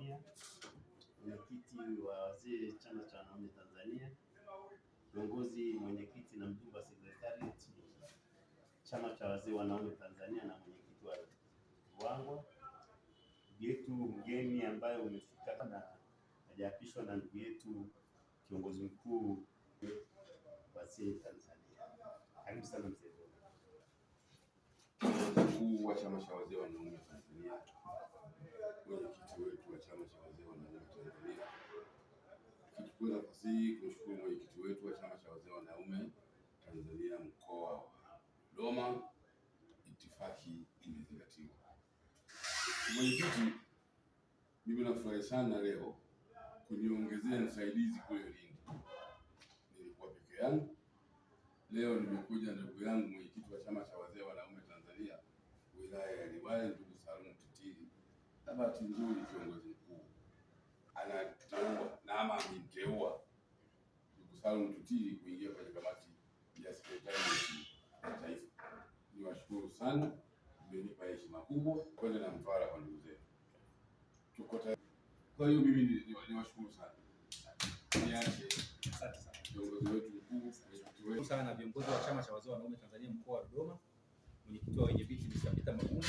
Tanzania, mwenyekiti wa wazee chama cha wanaume Tanzania, kiongozi mwenyekiti na mjumbe wa sekretarieti chama cha wazee wanaume Tanzania na mwenyekiti wa Ruangwa, ndugu yetu mgeni ambaye umefika na hajaapishwa na ndugu yetu kiongozi mkuu wazee Tanzania. Karibu sana mzee mkuu wa chama cha wazee wanaume Tanzania mwenyekiti wetu wa Chama cha Wazee Wanaume Tanzania. Nikichukua nafasi hii kumshukuru mwenyekiti wetu wa Chama cha Wazee Wanaume Tanzania mkoa wa Dodoma, itifaki imezingatiwa. Mwenyekiti, mimi nafurahi sana leo kuniongezea msaidizi kule Lindi. Nilikuwa peke yangu, leo nimekuja ndugu yangu mwenyekiti wa Chama cha Wazee Wanaume Tanzania wilaya ya Liwale na bahati nzuri kiongozi mkuu anateua na ama ameteua ndugu Salum Tutiri kuingia kwenye kamati ya sekretarieti ya taifa. Niwashukuru sana, mmenipa heshima kubwa, kwenda na mtwara kwa ndugu zetu tuko tayari. Kwa hiyo mimi niwashukuru sana, niache kiongozi wetu mkuu sana, viongozi wa chama cha wazee wanaume Tanzania mkoa wa Dodoma, mwenyekiti wa wenyeviti Mr. Peter Magume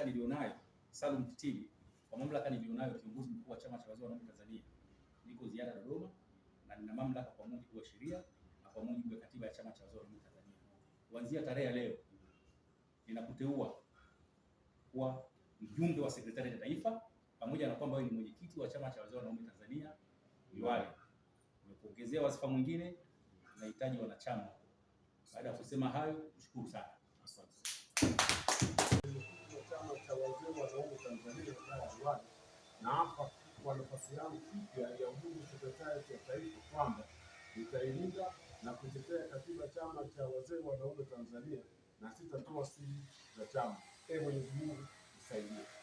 mamlaka nilionayo, Salum Kitili, kwa mamlaka nilionayo, kiongozi mkuu wa chama cha wazee wa wanaoamka Tanzania, niko ziara Dodoma na nina mamlaka kwa mujibu wa sheria na kwa mujibu wa katiba ya chama cha wazee wa wanaoamka Tanzania. Kuanzia tarehe ya leo ninakuteua kuwa mjumbe wa sekretarieti ya taifa, pamoja na kwamba wewe ni mwenyekiti wa chama cha wazee wa wanaoamka Tanzania Liwale. Nimekuongezea wasifa mwingine, nahitaji wanachama. Baada ya kusema hayo, nashukuru sana, asante chama cha wazee wa wanaume Tanzania wilaya ya Ruaha, na hapa kwa nafasi yangu mpya ya udugu sekretarieti ya taifa kwamba nitailinda na kutetea katiba chama cha wazee wa wanaume Tanzania na sitatoa siri za chama. Ee Mwenyezi Mungu nisaidie.